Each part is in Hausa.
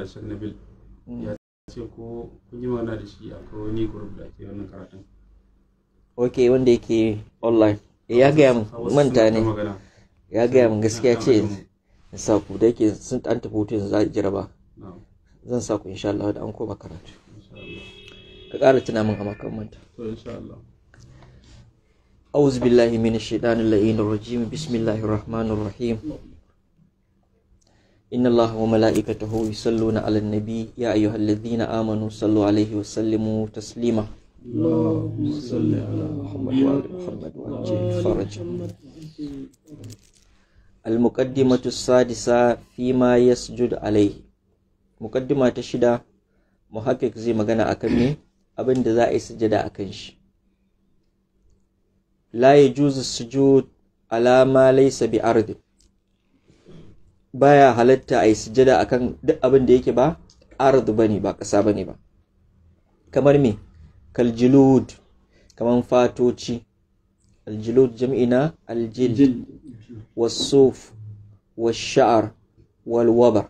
Shek Nabil ya ce wanda yake online. Eh, ya gaya manta ne. Ya gaya mu gaskiya ce sa da yake sun dan tafi hutu yanzu za a jaraba. Zan sa ku insha Allah da an koma karatu. Ka ƙara tuna min a makon manta. أعوذ بالله من الشيطان اللعين الرجيم إن الله وملائكته يصلون على النبي يا أيها الذين آمنوا صلوا عليه وسلموا تسليما اللهم صل على محمد وعلى محمد وعجل الفرج المقدمة السادسة فيما يسجد عليه مقدمة تشدة محقق زي ما قلنا أكمل abin da za a yi sujada a kan shi la ya juzu sujud alama laisa bi ardi baya halatta a yi a akan duk abin da yake ba ardu bane ba ƙasa bane ba kamar me kaljilud kamar fatoci aljilud jam'ina aljil wasuf washa'ar walwabar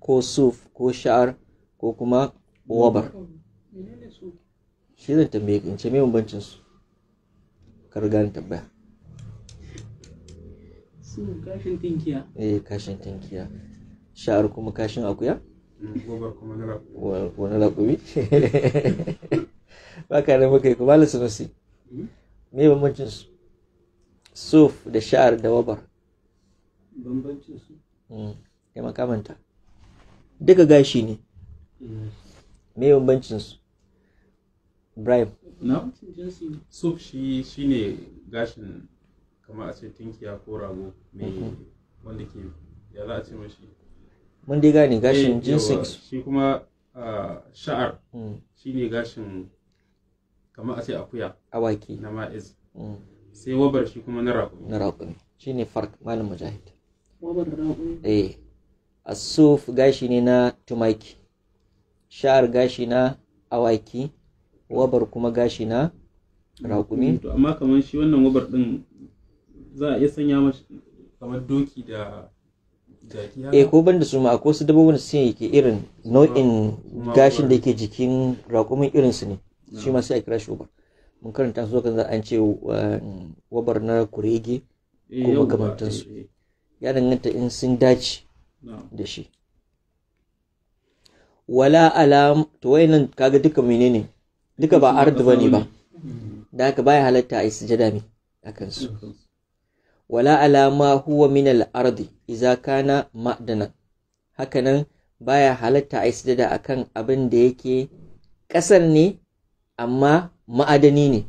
ko suf ko sha'ar ko kuma wabar shi zan tambaye in ce me bambancin su ka riga tambaya su kashin tinkiya eh kashin tinkiya sha'ar kuma kashin akuya mm, gobar kuma na raƙumi wani raƙumi ba ka da muka yi kuma alisu nusi hmm? me bambancin su suf da sha'ar da wabar bambancin su ya hmm, makamanta duka gashi ne me bambancin su Ibrahim. Na? Suf shi ne gashin kamar a ce tinkiya ko rago mai mhm. wanda ke ya za a ce mashi mun dai gane gashin eh, jinsin shi kuma sha'ar mm. shi ne gashin kamar a ce akuya awaki na ma'iz mm. sai wabar shi kuma na raƙumi na raƙumi shi ne fark malam mujahid wabar eh asuf gashi ne na tumaki sha'ar gashi na awaki wabar kuma gashi na raƙumi amma kamar shi wannan wabar din za a iya sanya mashi kamar doki da eh ko ban da su ma akwai su dabbobin da sun ke irin nau'in gashin da yake jikin raƙumin irin su ne shi ma sai a kira shi ubar mun karanta su kan za an ce um, wabar na kurege eh, ko makamantan su eh, eh. ya danganta in sun dace da shi wala alam to nan kaga duka menene duka ba ardu bane ba da haka baya halatta a yi sujada ne akan su wala alama huwa min al-ardi idza kana ma'danan hakanan baya halatta a sujada akan abin da yake kasan ne amma ma'adani ne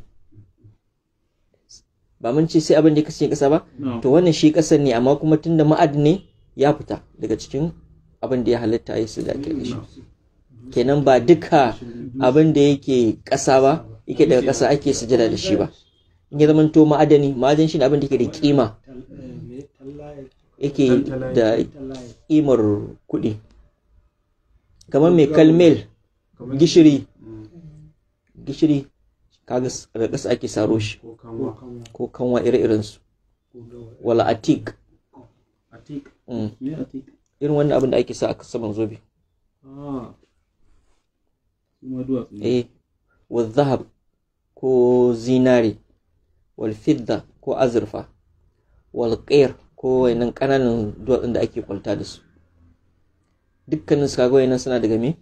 ba mun ce sai abin da kasance ƙasa ba to wannan shi kasan ne amma kuma tunda ma'adani ne ya fita daga cikin abin da ya halatta a sujada da shi kenan ba duka abin da yake ƙasa ba yake daga ƙasa ake sujada da shi ba ya zama to ma'adani ma'adani shine abin da yake da kima yake da kimar kuɗi kamar mai kalmel gishiri gishiri kaga daga ƙasa ake saro shi ko kanwa ire-irensu wala atik mm. irin wannan abin da ake sa a saman zobe ah, eh wa zahab ko zinari. wal fidda ko azurfa wal qair ko wayannan kananan duwatsun da ake kwalta da su dukkanin suka kaga nan suna daga me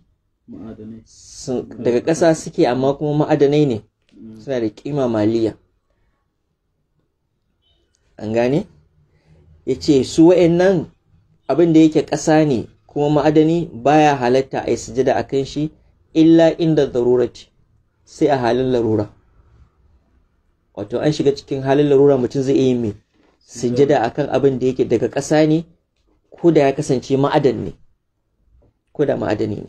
daga ƙasa suke amma kuma ma'adanai ne mm. suna da kima maliya an gane ya ce su wa'annan abin da yake ƙasa ne kuma ma'adani baya halatta a yi sujada a kan shi illa inda zarurati sai a halin larura wato an shiga cikin halin larura mutum zai yi yin mai a kan abin da yake daga ƙasa ne ko da ya kasance ma'adan ne ko da ma'adani ne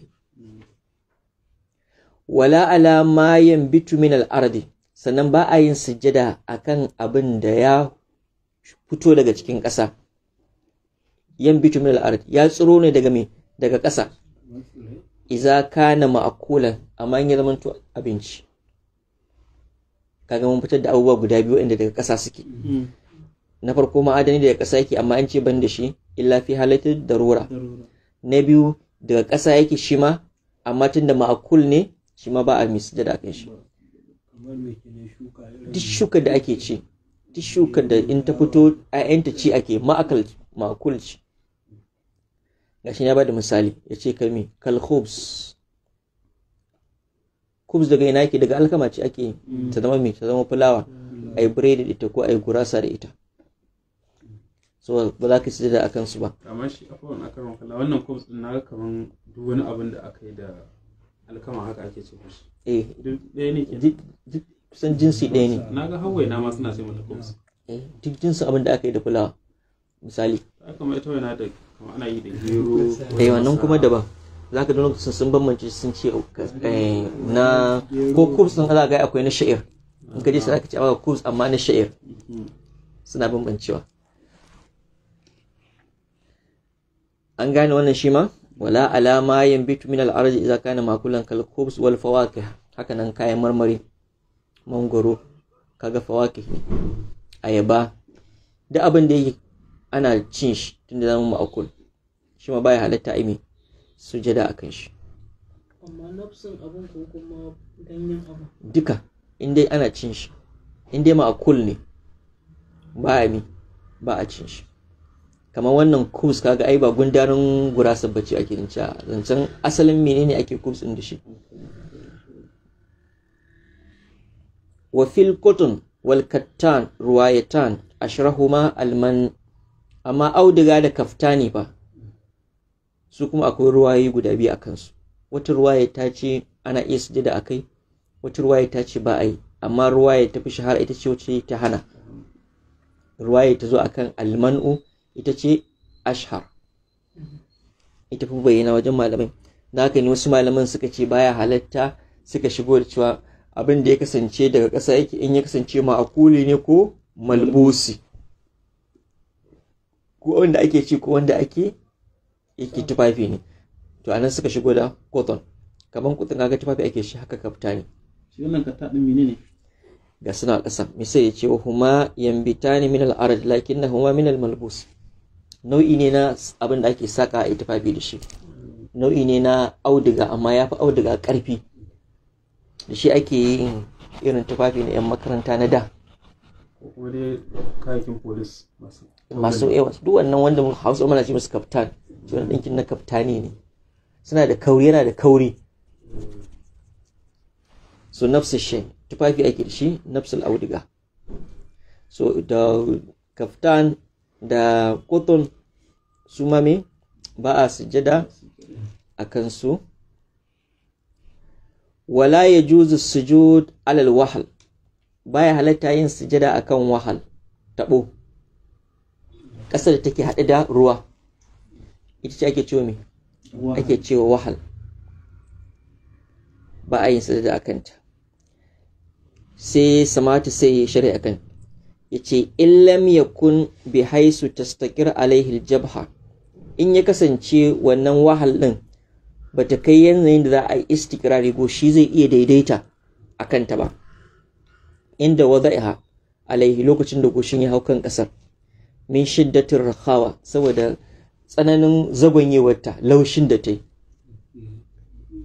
wala ala ma yanbitu min al sannan ba a yin sujjada kan abin da ya fito daga cikin ƙasa Yan min al'ardi ya tsiro ne daga mai daga ƙasa iza kana ma'akulan amma ya zama abinci kaga mun fitar da abubuwa guda biyu inda daga ƙasa suke hmm. na farko ma'adani daga ƙasa yake amma an ce ban da shi illa fi halatta darura na biyu daga ƙasa yake shi ma amma tun da ma'akul ne shi ma ba a misu da kan shi duk shuka da ake ci duk shuka da in ta fito ta ci ake ma'akal ma'akul ci gashi ya ba da misali ya ce kalmi kalhobs kubus daga ina yake daga alkama ce ake mm. ta zama mai ta zama fulawa mm. a yi biredi da ita ko a yi gurasa da ita so ba za ka ci da akan su ba amma shi afwan wannan din na kaman duk wani abin da aka yi da alkama haka ake ce shi eh duk ɗaya ne kusan jinsi ɗaya ne na ga hawaye na ma suna sai mata kubus eh duk jinsin abin da aka yi da fulawa misali mai ita wani da kamar ana yi da gero eh wannan kuma daban za ka lokacin sun bambance sun ce eh, na ko kurs sun za gai akwai na sha'ir in ka je sai ka ce a kurs amma na sha'ir suna bambancewa an gane wannan shi ma wala alama yin bitu min al'arj idza kana makulan kal khubs wal fawaki haka nan kayan marmari mangoro kaga fawakih ayaba duk abin da yake ana cin shi tun da zama ma'akul shi ma baya halatta imi sujada a kan shi amma duka in ana cin shi in dai kul ne ba a ba a cin shi kamar wannan kubus kaga ai ba gundarin gurasa bacci ake yin a, zancen asalin menene ake kubus ɗin da shi wa fil cotton wal kattan ruwayatan ashrahuma alman amma auduga da kaftani fa su kuma akwai ruwayoyi guda biyu a kansu wata ruwaya ta ce ana iya sujada a kai wata ruwaya ta ce ba a yi amma ruwaya ta fi shahara ita ce wacce ta hana ruwaya ta zo akan alman'u ita ce ashhar ita fi bayyana wajen malamai Na haka ne wasu malaman suka ce baya halatta suka shigo da cewa abin da ya kasance daga ƙasa yake in ya kasance ma'akuli ne ko malbusi ko wanda ake ci ko wanda ake yake tufafi ne to anan suka shigo da cotton kaman kutun kaga tufafi ake shi haka kafta ne shi wannan kafta din menene ga suna ƙasa misal ya ce wa huma yambitani min al-arad Huma min al-malbus nau'i ne na abin da ake saka a tufafi da shi nau'i ne na auduga amma yafi auduga ƙarfi da shi ake yin irin tufafi na 'yan makaranta na da masu yawa duk wannan wanda hausa mana ce musu kaftan shi ɗinkin na kaftani ne suna da kauri yana da kauri so nafsu shi tufafi a da shi nafsul so da kaftan da koton su mame ba a sujada a kansu wala ya juzu sujud alal wahal baya halatta yin sujada akan wahal Taɓo. ƙasar da take haɗe da ruwa ita ce ake cewa me ake cewa wahal ba a yin sadada a kanta sai samatu sai ya a kan ya ce illam kun bi haisu tastakir alaihil jabha in ya kasance wannan wahal din ba ta kai yanayin da za a yi istikirari ko shi zai iya daidaita a kanta ba inda wada'iha alaihi lokacin da goshin ya hau kan kasar min shiddatin rakhawa saboda tsananin zagonyewarta laushin da ta yi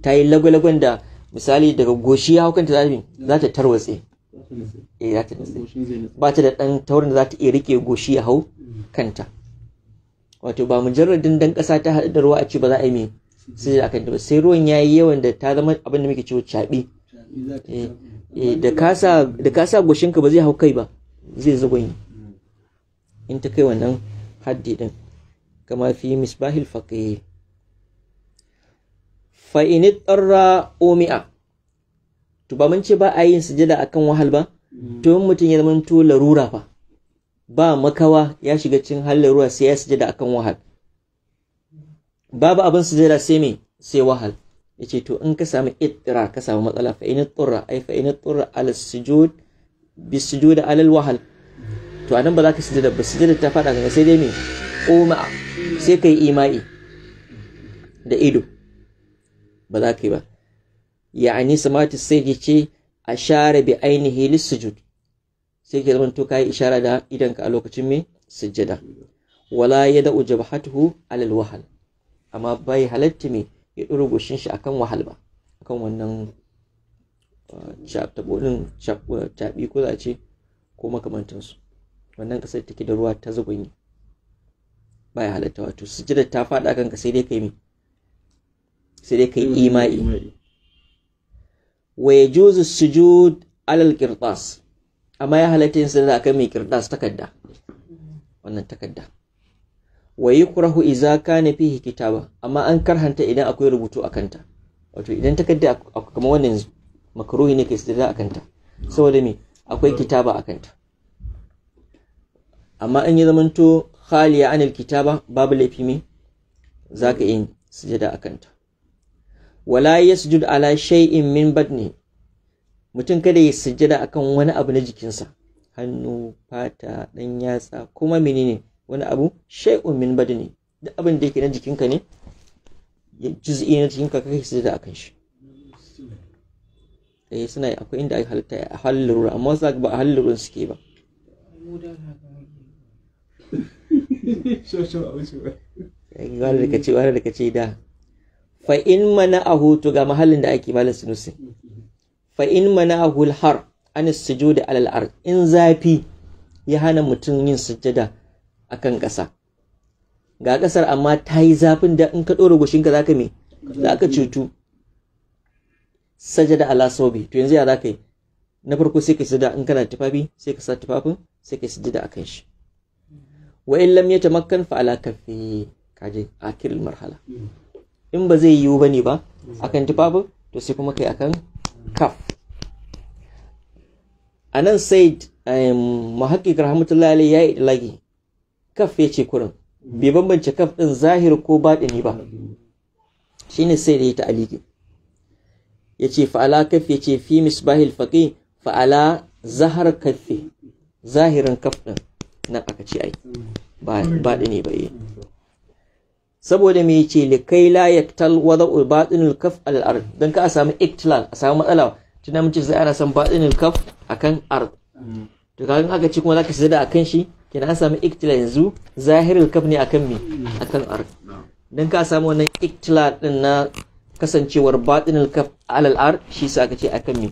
ta yi lagwalagwan da misali daga goshi ya haukanta zafi eh, za ta tarwatse ba ta da ɗan taurin da za ta iya rike goshi ya hau kanta wato ba mujarradin dan ƙasa ta haɗu da ruwa a ce ba za a yi mai sai a kanta ba sai ruwan ya yi yawan da ta zama abin da muke cewa caɓi eh, eh, da ka sa goshinka ba zai hau kai ba zai zagonye in ta kai wannan haddi ɗin كما في مصباح الفقيه فإن اضطر أومئة to ba شبا ce ba a yin sujada akan wahal ba to in mutum ya zama to larura fa ba makawa ya shiga cikin hal larura sai ya sujada kan wahal babu abin sujada sai me sai wahal yace to in ka samu ittira ka matsala fa in turra ai fa in turra al sujud bi sujud wahal to anan ba za ka sujada ba sujada ta sai dai me sai ka yi imai da ido ba za ka yi ba ya'ani samatu sai ya ce a share bi ainihi lissujud sai ka zama to kayi ishara da idanka a lokacin mai sujjada wala ya da da'u jabhatuhu alal wahal amma bai halatta mai ya ɗora goshin shi akan wahal ba akan wannan uh, taɓonin uh, taɓi ko ce ko makamantansu wannan ƙasar take da ruwa ta zubanyi baya halatta wato jira ta faɗa kanka sai dai kai mi sai dai kai imai wa yajuzu sujud alal qirtas amma ya halatta yin sujjada akan mai qirtas takadda wannan takadda wa yukrahu idza kana fihi kitaba amma an karhanta idan akwai rubutu akanta wato idan takadda kamar wannan makruhi ne kai sujjada akanta saboda me akwai kitaba akanta amma in ya zamanto khaliya anil kitaba babu laifi me ka yin sujada a kanta. wala sujuda ala shay'in min badni mutum kada ya sujada akan wani abu na jikinsa hannu fata dan yatsa kuma menene wani abu shay'un min badni duk abin da yake na jikinka ne ya juz'i na jikinka kake sujada akan shi eh suna akwai inda ake halitta a halin amma wasu ba a halin suke ba wani da kace wani da kace da fa in to ga mahallin da ake malam sunusi fa in mana'ahu al-har an sujud alal ard in zafi ya hana mutum yin sujjada kan ƙasa ga ƙasar amma ta yi zafin da in ka ɗora gushinka za ka me za ka cutu sajada ala sobi to yanzu ya za ka yi na farko sai ka sujada in kana tufafi sai ka sa tufafin sai ka sujada kan shi wa in lam yatamakkan fa ala kaffi kaje akil marhala in ba zai yiwu bane ba akan tufafin to sai kuma kai akan kaf anan said muhaqqiq rahmatullahi alayhi ya yi kaf ya ce kurin bai bambance kaf din zahir ko batini ba shine sai da ya ta aliki ya ce fa'ala kaf ya fi misbahil faqi fa'ala zahar kaffi zahirin kaf din nan aka ce ai ba ne bai eh. saboda me ce li kai la yaktal wada'u batinul kaf al ard dan ka a samu iktilal a samu matsala tunda mun ce sai ana san batinul kaf akan ard to kaga aka ce kuma zaka da akan shi kina an samu iktilal yanzu zahirul kaf ne akan me akan ard dan ka samu wannan iktilal din na kasancewar batinul kaf alal ard shi sa aka ce akan me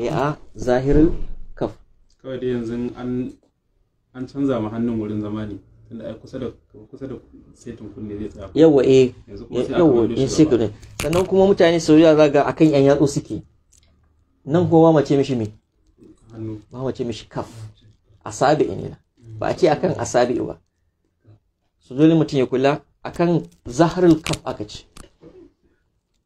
ai a zahirul kaf kawai dai yanzu an an canza ma hannun wurin zama ne tunda ai kusa da kusa da setin kunne zai tsaya yawa eh yawa in sai eh, sannan kuma mutane su ya zaga akan yan yatsu suke nan kuma ba mace mishi me hannu ba mace mishi kaf asabi ne ba a ce akan asabi ba su dole mutum ya kula akan zaharul kaf aka ce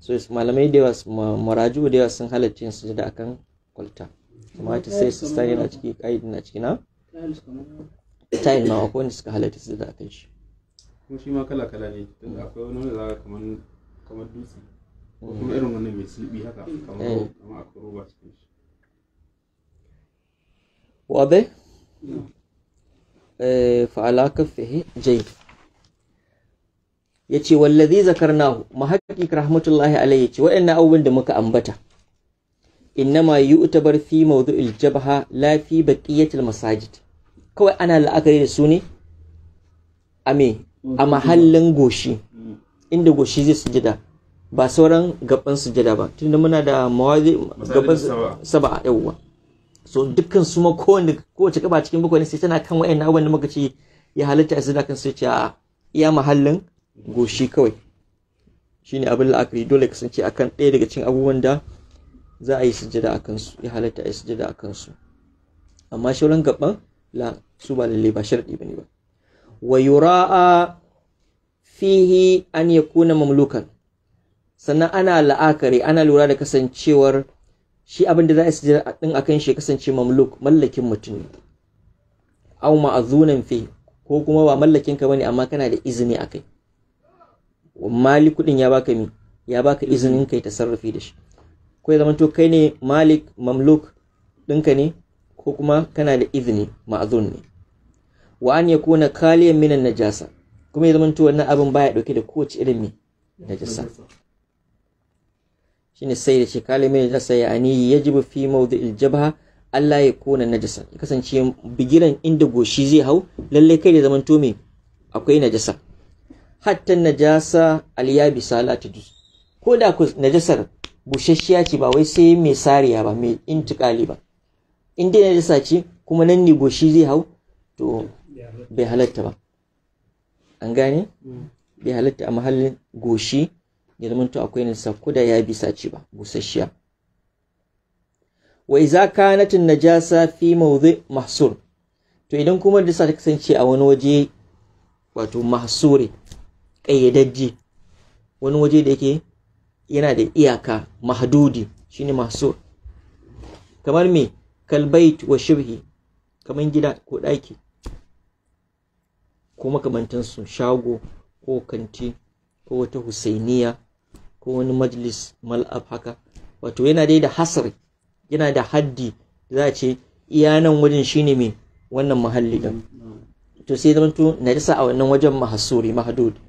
so malamai da yawa maraju da yawa sun halarci su da akan kwalta amma ta sai su stani na ciki kaidi na ciki na tayin ma akwai wanda suka su da akan shi kuma shi ma kala kala ne tun akwai wani wanda zaka kaman kamar dutse ko mm. kuma irin wannan mai sulbi haka mm. kamar eh. kamar akwai roba cikin shi wabe mm. eh, fa'ala kaffihi jayyid ya ce wallazi zakarnahu mahaƙiƙ rahmatullahi alayhi ce waɗannan abubuwan da muka ambata innama yu'tabar fi mawdu'il jabha la fi baqiyatil masajid kawai ana la'akari da su ne a me a mahallin goshi inda goshi zai sujada ba sauran gaban sujada ba tunda muna da mawazi gaban saba a yawwa so dukkan su ma kowanne kowace kaba cikin bakwai sai tana kan wayannan abubuwan da muka ce ya halitta a zina kan sai ce a iya mahallin goshi kawai shine abin la'akari dole kasance akan ɗaya daga cikin abubuwan da za a yi sujjada a kansu ya halatta a yi sujjada a kansu amma shauran gaban la su ba lalle ba sharɗi ne ba wa yura'a fihi an kuna mamlukan sannan ana la'akari ana lura da kasancewar shi abin da za a yi sujjada din akan shi kasance mamluk mallakin mutum ne au ma'azunan fihi ko kuma ba mallakin ka ne amma kana da izini akai malik kudin ya baka mi ya baka izinin kai tasarrufi da shi ko ya zama to kai ne malik mamluk dinka ne ko kuma kana da izini ma'azun ne wa an yakuna kaliyan minan najasa kuma ya zama to wannan abin baya dauke da kowace irin mi najasa shine sai da shi kaliyan minan najasa ya ani yajibu fi mawdi'il jabha Allah ya kona najasa ya kasance bigiran inda goshi zai hau lallai kai da zamanto me akwai najasa hatta najasa alyabisa la tajus ko da ku najasar bushashiya ce ba wai sai mai sariya ba mai intikali ba in dai najasa ce kuma nan ne goshi zai hau to bai halatta ba an gane bai halatta a mahallin goshi ya to akwai nisa ko da ya bisa ce ba busasshiya za ka natin najasa fi mawuzi mahsur to idan kuma da ta kasance a wani waje wato mahsure ƙayyadajje wani waje da yake yana da iyaka mahdudi shine masu kamar me kalbait wa shibhi kamar gida ko ɗaki ko makamantansu shago ko kanti ko wata husainiya ko wani majlis mal'ab haka wato yana dai da hasar yana da haddi za a ce iya nan wajen shine mai wannan mahalli din to sai zamanto najasa a wannan wajen mahasuri mahadudi.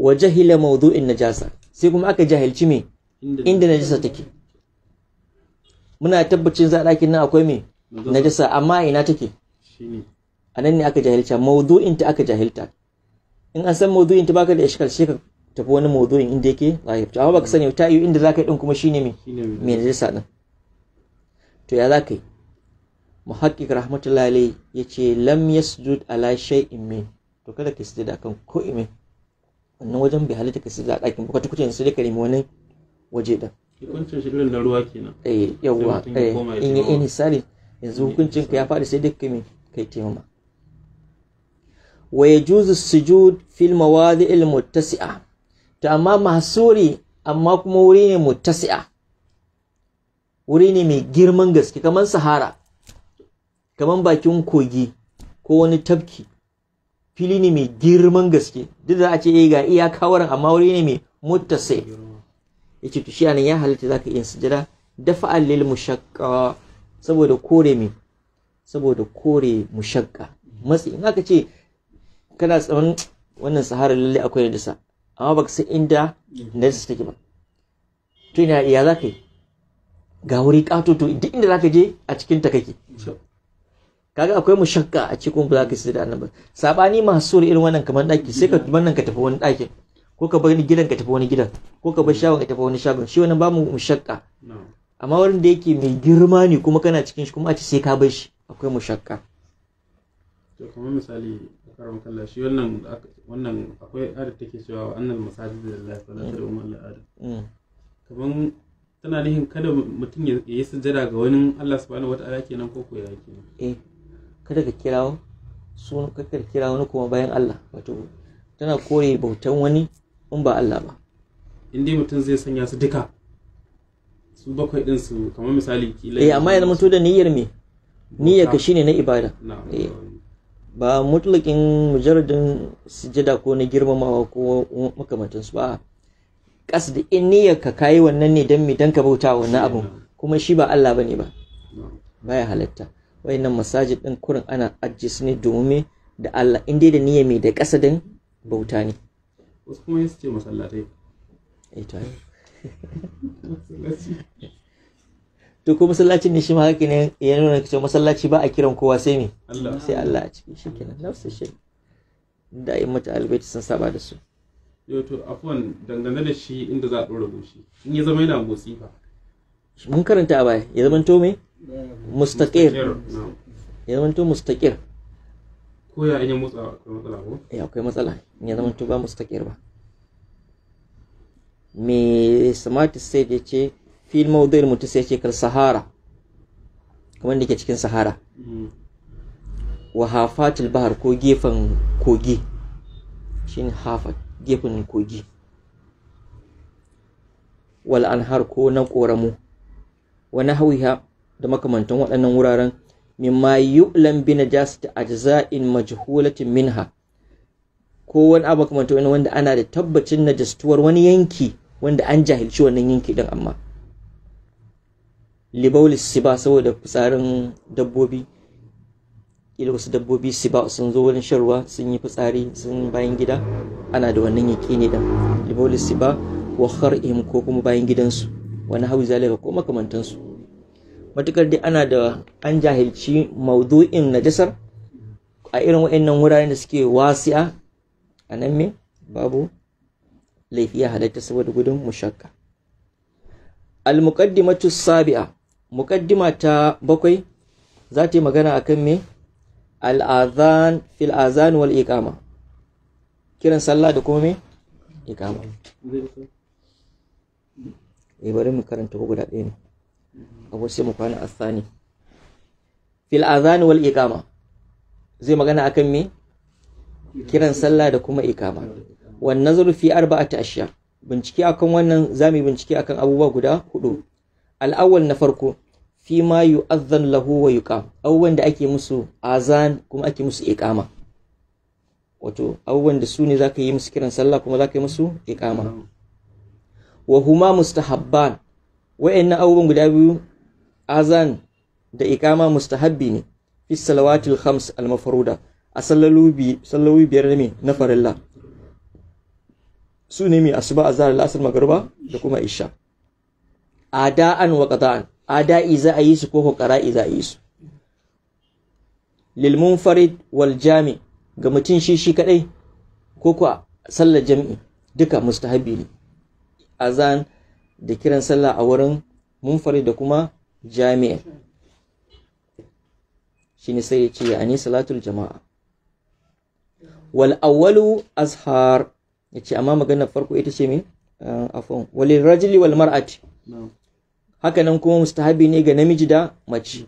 wa jahila mawdu'in najasa sai kuma aka jahilci me inda najasa take muna tabbacin za daki nan akwai me najasa amma ina take a nan ne aka jahilci mawdu'in ta aka jahilta in an san mawdu'in ta baka da iskal shi ka tafi wani mawdu'in inda yake zahir to amma baka sani ta yi inda zaka yi din kuma shine me me najasa din to ya zaka yi muhaqqiq rahmatullahi alayhi yace lam yasjud ala shay'in min to kada ka sujada kan ko imin wannan wajen bai halitta ka sirri a ɗakin ba kwata-kwata yanzu sai ka nemi wani waje ɗin. hukuncin shi irin na ruwa kenan. eh yawwa eh in yi misali yanzu hukuncin ka ya faɗi sai dai kai kai taimama. Waye yajuzu sujud fil mawadi'il muttasi'a to amma mahsuri amma kuma wuri ne muttasi'a wuri ne mai girman gaske kamar sahara kamar bakin kogi ko wani tafki fili ne mai girman gaske duk da a ce eh, ga iya wurin amma wuri ne mai Ya ce to shi anan ya halitta zaka iya sujada dafa'al lil mushaqqa saboda kore mai saboda kore mushaqqa matsi in aka ce kana tsawon wannan sahara lalle akwai da sa, amma baka san inda su take ba to ina iya za ka yi ga wuri katoto duk inda za ka je a cikin ta kake kaga akwai mushakka a cikin ba za ka sai da annabi sabani masu irin wannan kamar daki sai ka wannan mm. ka tafi wani daki ko ka bar gidan ka tafi wani gidan ko ka bar shagon ka tafi wani shagon shi wannan ba mu mushakka amma wurin da yake mai girma ne kuma kana cikin shi kuma a ce sai ka bar shi akwai mushakka to kamar misali karam kallah shi wannan wannan akwai adad take cewa annal masajid lillahi fala tad'u ma'al adam kaman tana nihin kada mutum ya yi sujjada ga wani Allah subhanahu wata'ala kenan ko ko ya kenan eh kada ka kira sun ka kira wani kuma bayan Allah wato tana kore bautan wani in ba Allah ba in dai mutum zai sanya su duka su bakwai din su kamar misali kila eh amma ya zama da niyyar me niyyar ka shine na ibada eh. ba mutlakin mujarradin sujada ko na girmamawa ko su ba kas da in niyyar ka kai wannan ne dan me dan ka bauta wannan abu, kuma shi ba Allah bane ba baya halatta wayannan masajid din kurin ana ajiye su ne domin da Allah in dai da niyya mai da kasadin bauta ne wasu kuma yasu ce masallatai eh to to ko masallaci ne shi ma haka ne ya nuna cewa masallaci ba a kiran kowa sai me sai Allah a ciki shikenan nafsu shi da ayi mata albaiti sun saba da su yau to afwan dangane da shi inda za a dora goshi in ya zama yana motsi ba mun karanta ba ya zama to me mustaqir ya zamanto mustaqir ko ya in mutsa akwai matsala ko eh akwai matsala ya zama zamanto ba mustaqir ba me smartis sai da ce fil mawdil mutu sai ce kal sahara kamar da ke cikin sahara mm. wa hafatil bahar ko gefen kogi shin hafa gefen kogi wal anhar ko na koramu wa nahwiha da makamantan waɗannan wuraren mimma yu'lam bi najasati ajza'in majhulatin minha ko wani abu makamantan wani wanda ana da tabbacin najastuwar wani yanki wanda an jahilci wannan yanki din amma libaulis siba saboda fitsarin dabbobi ila wasu dabbobi siba sun zo wurin sharwa sun yi fitsari sun bayan gida ana da wannan yaƙi ne dan libaulis siba wa khar'im ko kuma bayan gidansu wani hau zalika ko makamantansu matukar dai ana da an jahilci maudu'in najasar a irin waɗannan wuraren da suke wasi'a a nan me babu laifiya halatta saboda gudun mushakka al-muqaddimatu sabi'a muqaddima ta bakwai za ta yi magana akan me al-azan fil azan wal iqama kiran sallah da kuma me iqama eh mu karanta guda ɗaya ne abu sai mu kwana asani fil azani wal ikama zai magana akan me kiran sallah da kuma iqama wan nazaru fi arba'ati ashya bincike akan wannan zamu bincike akan abubuwa guda hudu al na farko fi ma yu'adhdhan lahu wa yuqam abubuwan da ake musu azan kuma ake musu ikama. wato abubuwan da su ne ka yi musu kiran sallah kuma zaka yi musu Wahuma wa huma mustahabban wa'annan abubuwan guda biyu azan da ikama mustahabbi ne fi salawatil khams al mafruda a sallawi biyar ne na farilla su ne mai asuba a zarar la'asar magarba da kuma isha ada'an wa qada'an ada'i za a yi su ko qara'i za a yi su lil munfarid wal jami ga mutum shi shi kadai ko kuwa sallar jami'i duka mustahabbi ne azan da kiran sallah a wurin munfarid da kuma jami'a ne sai ya ce a salatul jama'a wal awwalu azhar yace amma maganar farko ita ce me eh, afwan walil rajuli wal mar'ati haka nan kuma mustahabi ne ga namiji da mace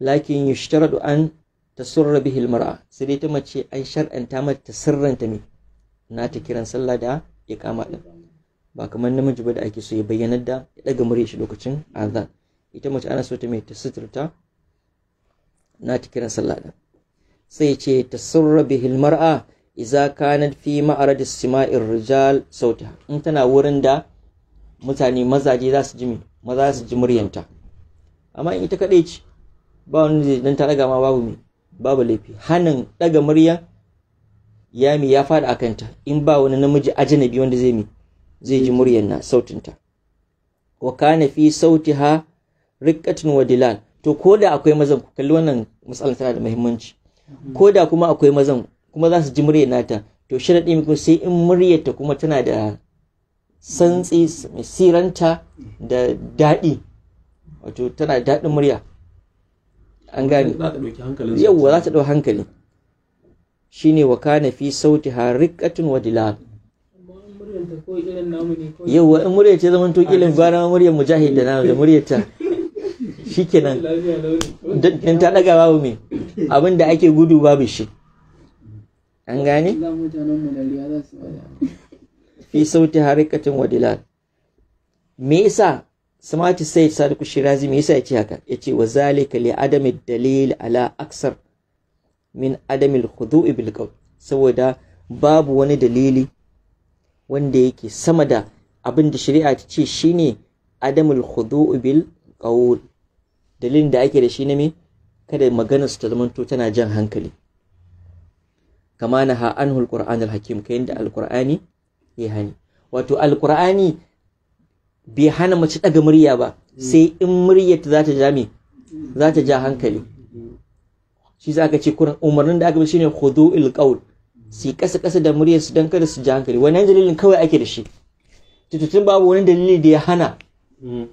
lakin yushtaradu an tasurra bihil mara? sai dai ta mace an shar'anta mata ta me na ta kiran sallah da kama din ba kamar namiji ba da ake so ya bayyana da ya daga murya shi lokacin azan ita mace ana so ta mai ta suturta na ta kiran sallah sai ce ta tasurra bihil mar'a iza kanat fi da istima'ir rijal sauta in tana wurin da mutane mazaje za su ji maza su ji muryanta amma in ita kaɗai ce ba wani zai dan ta daga ma babu mai babu laifi hannun ɗaga murya yami ya a kanta. in ba wani namiji ajnabi wanda zai mi zai ji muryar na sautinta wa kana fi sautiha riqqatun wadilan, to ko da akwai mazan ku kalli wannan matsalar tana da muhimmanci ko da kuma akwai mazan kuma za su ji muryar nata to na muku sai in muryarta kuma tana da santsi siranta da daɗi wato tana daɗin murya an gane Yawwa za ta ɗau hankali Shi ne wa kana fi sauti ha wa wadilan. Yawwa, in murya zama zaman to kilin bayan muryar mujahid da namu da muryar ta shi shikenan dan ta daga babu me abin da ake gudu babu shi an gane fi sauti harikacin wadilal me yasa samati sayyid sadiku razi me yasa yace haka yace wa zalika li adami dalil ala aksar min adami al bil qawl saboda babu wani dalili wanda yake sama da abin da shari'a ta ce shine adamul khudu bil qawl dalilin da ake da shi na me kada maganar su ta zamanto tana jan hankali kama na ha'anhul qur'an al-hakim kayan da al-qur'ani ya hani wato al-qur'ani bai hana mace daga murya ba sai in muryar ta zata ja zata ja hankali shi za ka ce kuran umarnin da aka bi shine il qawl su kasa kasa da muryar su dan kada su ja hankali wannan dalilin kawai ake da shi tutun babu wani dalili da ya hana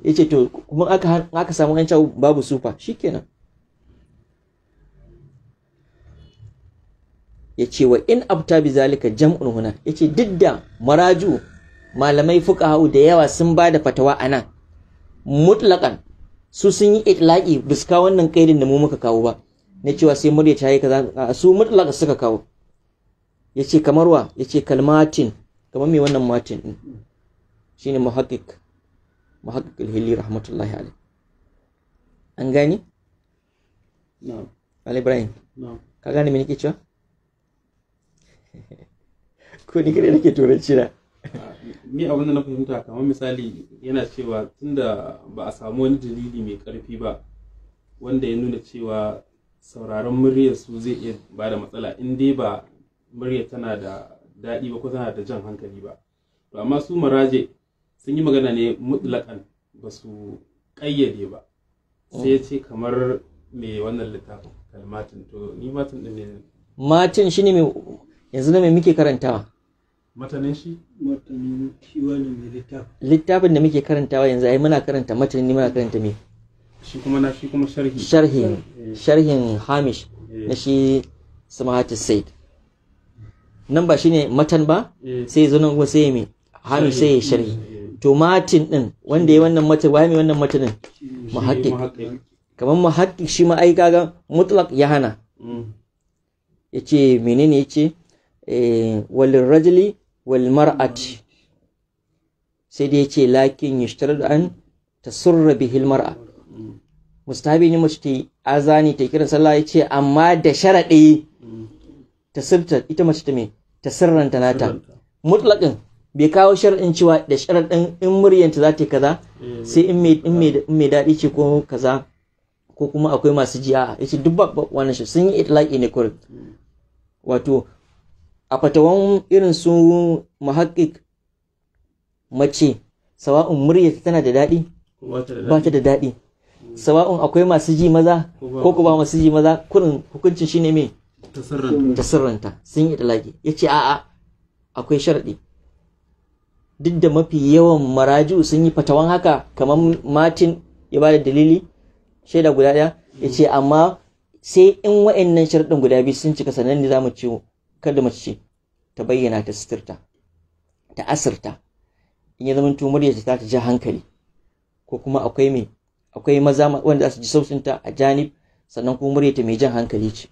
Ya ce to kuma aka samu an cewa babu sufa shikenan ce wa in abta bi zalika jam'un huna Ya ce duk da maraju malamai fuka hau da yawa sun ba da fatawa nan. mutlaƙan su sun yi itlaƙi biska wannan ƙaidin da mu muka kawo ba na cewa sai murya ta yi kaza su mutlaƙa suka kawo Ya ce kamar wa ce kalmatin kamar mai wannan Martin. shine muhaqqiq muhakkakul hilli rahmatullahi alaihi an gani? na'am Ali Ibrahim na'am ka gane me nake cewa ko ni kare nake turanci na ni abin da na fahimta kamar misali yana cewa tunda ba a samu wani dalili mai karfi ba wanda ya nuna cewa sauraron muryar su zai iya ba da matsala in dai ba muryar tana da daɗi ba ko tana da jan hankali ba to amma su maraje sun yi magana ne mutlakan ba su ƙayyade ba sai ya ce kamar me wannan littafin kalmatin to ni matin ɗin ne matin ne mai yanzu na mai muke karantawa matanin shi matanin shi wani mai littafin littafin da muke karantawa yanzu ai muna karanta matanin muna karanta me shi kuma na shi kuma sharhi sharhin eh. sharhin hamish eh. na shi samahati said nan ba shine matan ba eh. sai zo nan kuma sai me hamish sai sharhi Tomatin ɗin, din wanda ya wannan mata ba mai wannan mata din muhaqqiq kamar muhaqqiq shi ma ai kaga mutlaq ya hana mm. yace menene yace eh wal rajuli wal mar'ati sai dai yace lakin yushtaradu an tasurra bihi al mar'a mm. mustahabi ne mace ta yi azani ta kiran sallah yace amma da sharadi mm. ta sirta ita mace ta me ta sirranta nata mutlaqin bai kawo shar'in cewa da sharaɗin in muryanta za ta kaza eh, sai eh. in mai daɗi ce ko kaza ko kuma akwai masu ji a'a yace duk babban wannan shi sun yi itlaqi ne kurin hmm. wato a fatawan irin su muhaqqiq mace sawa'un muryarta tana da daɗi ba ta da daɗi hmm. sawa'un akwai masu ji maza ko kuma masu ji maza kurin hukuncin shine mai tasirranta sun yi itlaqi yace a'a akwai sharadi duk da mafi yawan maraju sun yi fatawan haka kamar martin ya ba da dalili shaida guda ɗaya ya ce amma sai in wa'annan sharɗin guda biyu sun cika sannan da za mu ce kada mace ce ta bayyana ta sitirta ta asirta in ya zama tumur ya ta ta ji hankali ko kuma akwai mai akwai maza wanda za su ji sautinta a janib sannan kuma muryarta mai jan hankali ce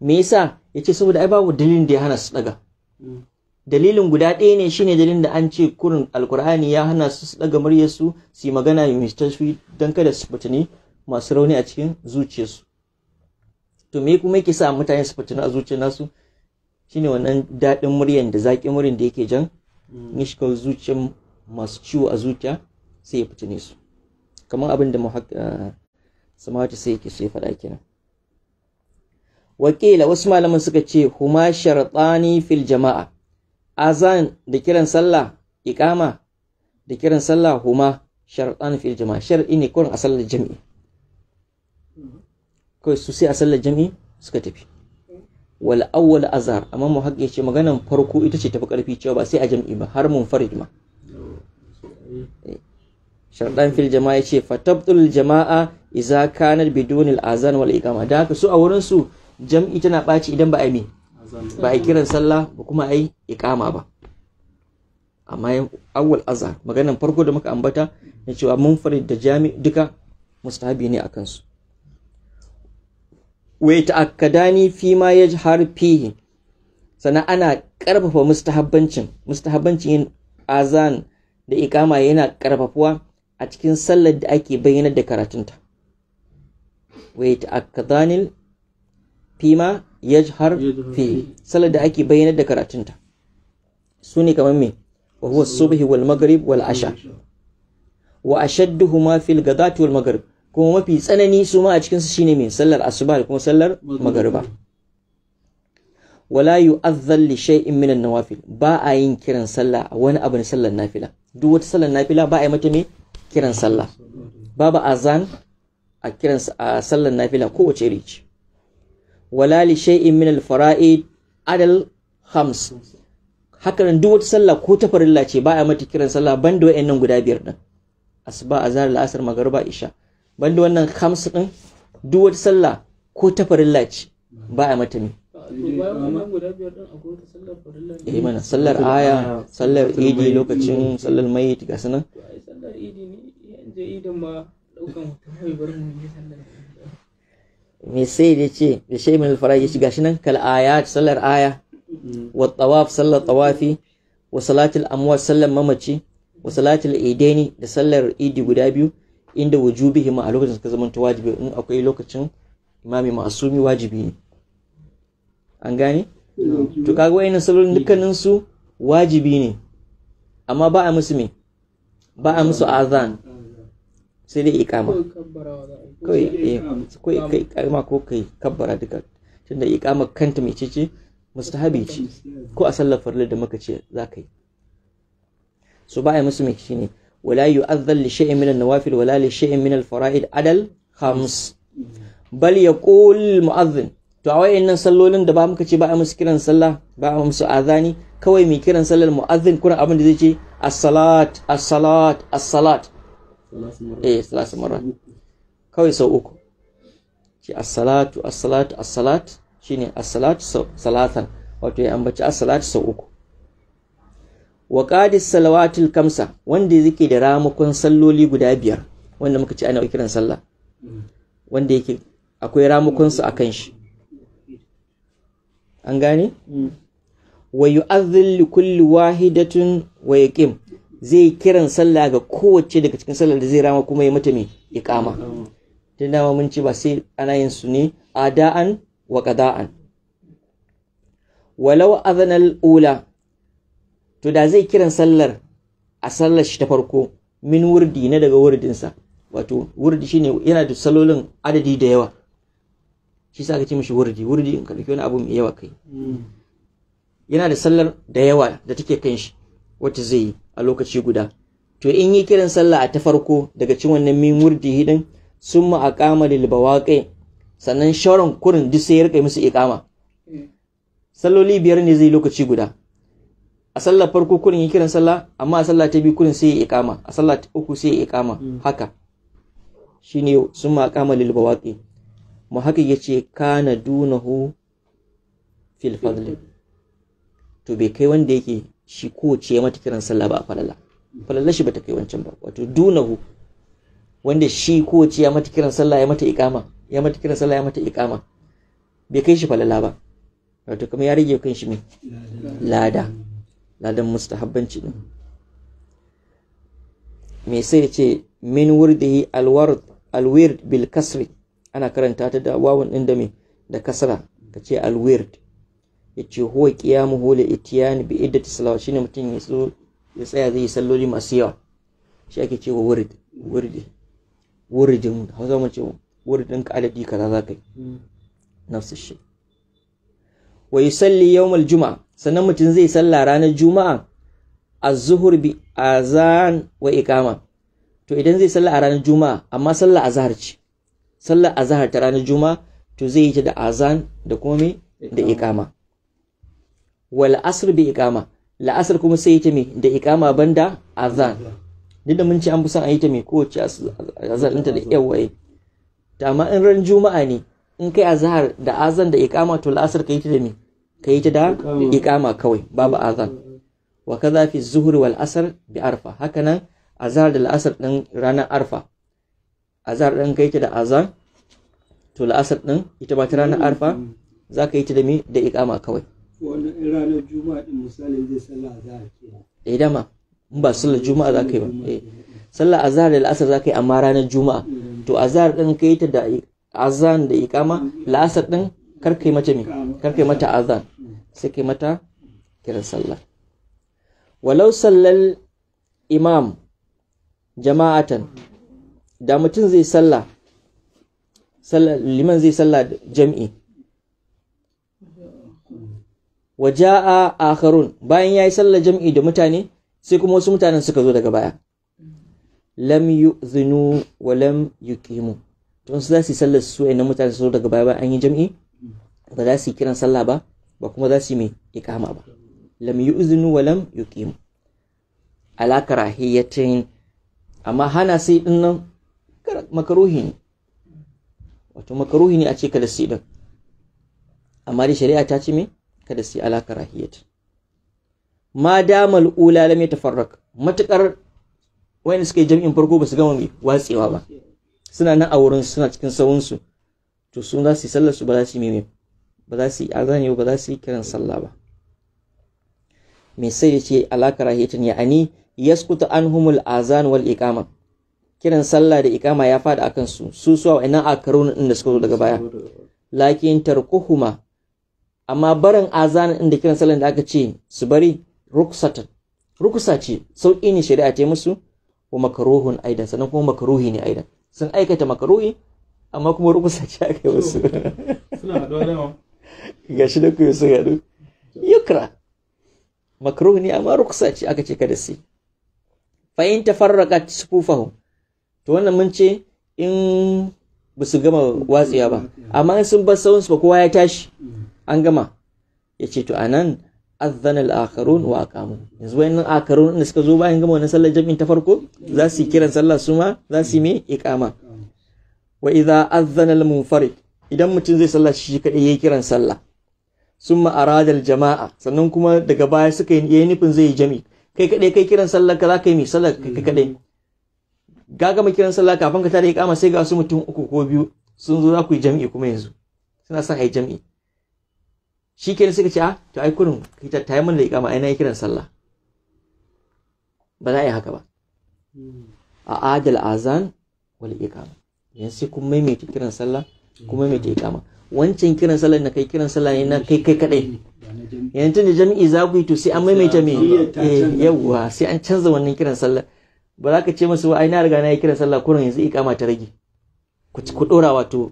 me yasa ya ce, saboda ai babu dalilin da ya hana su daga mm. dalilin guda ɗaya ne shine dalilin da an ce kurin alkur'ani ya hana su su ɗaga muryarsu su yi magana mai su don kada su fitini masu rauni a cikin zuciyarsu to me kuma yake sa mutane su fitini a zuciyar nasu shine wannan daɗin muryan da zaƙi muryan da yake jan mishkar zuciyar masu ciwo a zuciya sai ya fitine su kamar abin da eh, samawata sai yake so ya faɗa kenan wakila wasu malaman suka ce huma sharatani fil jama'a azan da kiran sallah iqama da kiran sallah huma shar'an fil jama'a shar'i ne kurin a sallar jami'i kawai su sai a sallar jami'i suka tafi wal awwal azhar amma mu haƙƙi ce maganan farko ita ce tafi karfi cewa ba sai a jami'i ba har farid ma sharɗan fil jama'a ce fatabtul jama'a idza kanat bidun al azan wal iqama da haka su a wurin su jam'i tana ɓaci idan ba a yi ba a kiran sallah ba kuma a yi iƙama ba amma yin awul azhar maganan farko da muka ambata na cewa fari da jami duka mustahabi ne a kansu wai ta'akkadani fi ma har fihi sana ana karfafa mustahabbancin mustahabbancin yin azan da ikama yana karfafuwa a cikin sallar da ake bayyana da karatunta wai ta'akkadani fi ma yajhar fi salar da ake bayyanar da karatunta su ne kamar me wa huwa subhi wal maghrib wal asha wa ashadduhuma fil ghadati wal maghrib kuma mafi tsanani su ma a cikin su shine me sallar asuba da kuma sallar magriba wala yu'adhdhal li shay'in min an-nawafil ba a yin kiran sallah a wani abu na sallar nafila duk wata sallar nafila ba a yi mata me kiran sallah babu azan a kiran sallar nafila kowace rici wala li shay'in min al-fara'id adal khams hakan duk wata sallah ko ta farilla ce ba a mata kiran sallah banda wayannan guda biyar din asuba azhar al-asr magriba isha banda wannan khams din duk wata sallah ko ta farilla ce ba a mata ne eh mana sallar aya sallar idi lokacin sallar mayit ga sanan sallar idi ne idin ma daukan mutum bai bar mu sallar mai sai ya ce da shi mai fara ya shi gashi nan kal ayat sallar aya hmm. wa tawaf sallar tawafi wa salatul amwa sallar mamaci wa salatul idaini da sallar idi guda biyu inda wujubihi ma a lokacin suka zama wajibi in hmm, akwai lokacin imami ma'asumi wajibi ne an gane hmm. to kaga wayannan sallolin dukkanin su wajibi ne amma ba a musu me ba a musu azan sai dai ikama kawai eh, kai karma ko kai kabbara duka tunda ikama kanta mai ce mustahabi ce ko a sallar farilla da muka ce za ka yi su ba a musu mai shine wala yu'adhdhal li shay'in min an-nawafil wala li shay'in min al-fara'id adal khams bal yaqul mu'adhdhin to a wayannan sallolin da ba muka ce ba a musu kiran sallah ba a musu azani kawai mai kiran sallar mu'adhdhin kuna abin da zai ce as-salat as-salat as-salat eh salat marat kawai sau uku ce as-salatu as-salatu as-salat shine as-salatu salatan wato ya ambaci as-salatu sau uku wa qadis salawatil kamsa wanda yake da ramakon salloli guda biyar wanda muka ci ana kiran sallah wanda yake akwai ramukun su akan shi an gane mm. wa yu'adhdhil li kulli wahidatin wa yaqim zai kiran sallah ga kowace daga cikin sallar da zai rama kuma ya mata mai iqama tun da mun ci ba sai ana yin su ne ada'an wa qada'an walau azana al-ula to da zai kiran sallar a sallar shi ta farko min wurdi na daga wurdinsa wato wurdi shine yana da salolin adadi da yawa shi sa ka ce mishi wurdi wurdi in ka dauki wani abu mai yawa kai hmm. yana da sallar da yawa da take kan shi wacce zai yi a lokaci guda to in yi kiran sallah a ta farko daga cin wannan min wurdi din sun ma aqama lil bawaqi sannan shawarar kurin duk sai ya rika musu iqama salloli biyar ne zai lokaci guda a sallar farko kurin yi kiran sallah amma a sallah ta biyu kurin sai ya iqama a sallah ta uku sai ya iqama hmm. haka shine sun ma aqama lil bawaqi mu haka yace kana dunahu fil fadli to bai kai wanda yake shi kowace ya mata kiran sallah ba falala falala shi bata kai wancan ba wato dunahu wanda shi kowace ya mata kiran sallah ya mata ikama ya mata kiran sallah ya mata ikama bai kai shi falala ba wato kuma ya rage kan shi mai lada ladan mustahabbanci din me sai ya ce min wurdihi alward alwird bil kasri ana karanta ta da wawun din da me da kasra kace alwird yace huwa qiyamu hu li ityan bi iddati salawat shine mutum ya so ya tsaya zai salloli masu yawa shi ake cewa wurid wuridi wuridin hausa mu ce wuridin ka kaza za kai nafsu shi wa yusalli yawmal juma'a sannan mutum zai salla ranar juma'a az-zuhur bi azan wa iqama to idan zai salla a ranar juma'a amma salla azhar ce salla azhar ta ranar juma'a to zai yi ta da azan da kuma da iqama wal asr bi iqama la'asar kuma sai ita me da iqama banda azan duk da mun ci an busan son a yi ta me kowace azan ɗinta da yawaye ta ma in ran juma'a ne in kai azhar da azan da iqama to la'asar kai ta da me kai ta da iqama kawai babu azan wa kaza fi zuhur wal asr bi arfa hakanan azhar da la'asar din ranar arfa azhar din kai ta da azan to la'asar din ita ba ta ranar arfa za ka yi ta da me da iqama kawai wannan ranar juma'a din misali zai sallah azhar kenan eh dama in ba sallar juma'a za ka yi ba sallar eh, azhar da la'asar za ka yi amma ranar juma'a mm. to azhar din ka yi ta da azan da ikama la'asar din kar ka yi mata me kar ka mata azan mm. sai ka yi mata kiran sallah walau sallal imam jama'atan da mutum zai sallah liman zai sallah jam'i wa ja'a akharun bayan yayi sallar jam'i da mutane sai kuma wasu mutanen suka zo daga baya lam yu'zinu wa lam yuqimu to su za su yi sallar su na mutane su zo daga baya bayan an yi jam'i ba za su yi kiran sallah ba ba kuma za su yi mai iqama ba lam yu'zinu wa lam yuqimu ala karahiyatin amma hana sai din nan makaruhi ne wato makaruhi ne a ce kada sai din amma dai shari'a ta ce me kada su yi alaka rahiyat ma damal ula lam yatafarraq matukar wayanda suka yi jami'in farko ba su gama mai watsewa ba suna nan a wurin suna cikin sawun su to sun za su yi sallar su ba za su yi meme ba za su yi azani ba za su yi kiran sallah ba me sai ya ce alaka rahiyatin ya ani yaskutu anhumul azan wal iqama kiran sallah da iqama ya fada akan su su suwa wa'annan akarun din da suka zo daga baya lakin tarkuhuma amma barin azanin inda kiran sallan da aka ce su bari rukusa ce sauƙi ne shari'a ce musu wa makaruhun aidan sannan kuma makaruhi ne aidan sun aikata makaruhi amma kuma rukusa ce aka yi musu suna haɗuwa ga shi da ku su haɗu yukra makaruhi ne amma rukusa ce aka ce kada su fa in tafarraqa sufufahum to wannan mun ce in ba su gama watsiya ba amma in sun bar sauransu ba kowa ya tashi an gama ya ce to anan azzana al-akharun wa aqamu yanzu wayannan akharun da suka zo bayan gama wannan sallar jami'in ta farko za su yi kiran sallah su ma za su yi me iqama wa idza azzana al-munfarid idan mutum zai sallah shi kadai yayi kiran sallah summa arada al-jama'a sannan kuma daga baya suka yi nufin zai yi jami'i kai kadai kai kiran sallar ka za ka yi mi sallar kai kadai ga gama kiran sallah kafin ka tada iqama sai ga su mutum uku ko biyu sun zo za ku yi jami'i kuma yanzu suna son a yi jami'i shi ke suka ce a ah, to ai kurin kai ta yi mun da ikama ai na yi kiran sallah ba za a yi haka ba hmm. a adal azan wal ikama yanzu sai kun maimaita kiran sallah kun maimaita ikama wancan kiran sallah na kai kiran sallah ne na kai kai kadai yanzu da jami'i za ku yi to sai an maimaita me yawwa eh, sai an canza wannan kiran sallah ba za ka ce masu ai na riga na yi kiran sallah kurin yanzu ikama ta rage ku ɗora wato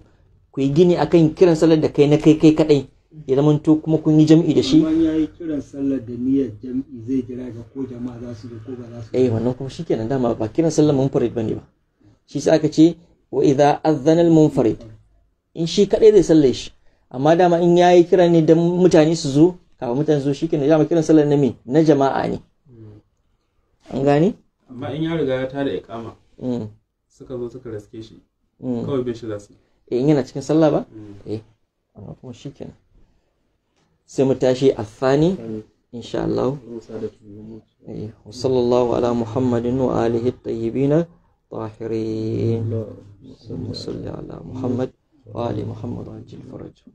ku yi gini akan kiran sallah da kai na kai kai kadai ya zama to kuma kun yi jam'i da shi ya yi kiran sallar da niyyar jam'i zai jira ga ko jama'a za su ko ba za su eh wannan kuma shikenan dama ba kiran sallar munfarid bane ba shi sai aka ce wa idza azzana al munfarid in shi kadai zai salle shi amma dama in yayi kiran ne da mutane su zo kafin mutane su zo shikenan dama kiran sallar na me na jama'a ne an gane amma in ya riga ya tada iqama mm. suka zo suka raske shi mm. kawai bai shi za su eh in yana cikin sallah ba mm. eh amma kuma shikenan سمتاشي الثاني إن شاء الله وصلى الله على محمد وآله الطيبين الطاهرين اللهم صل على محمد وآل محمد عجل فرجه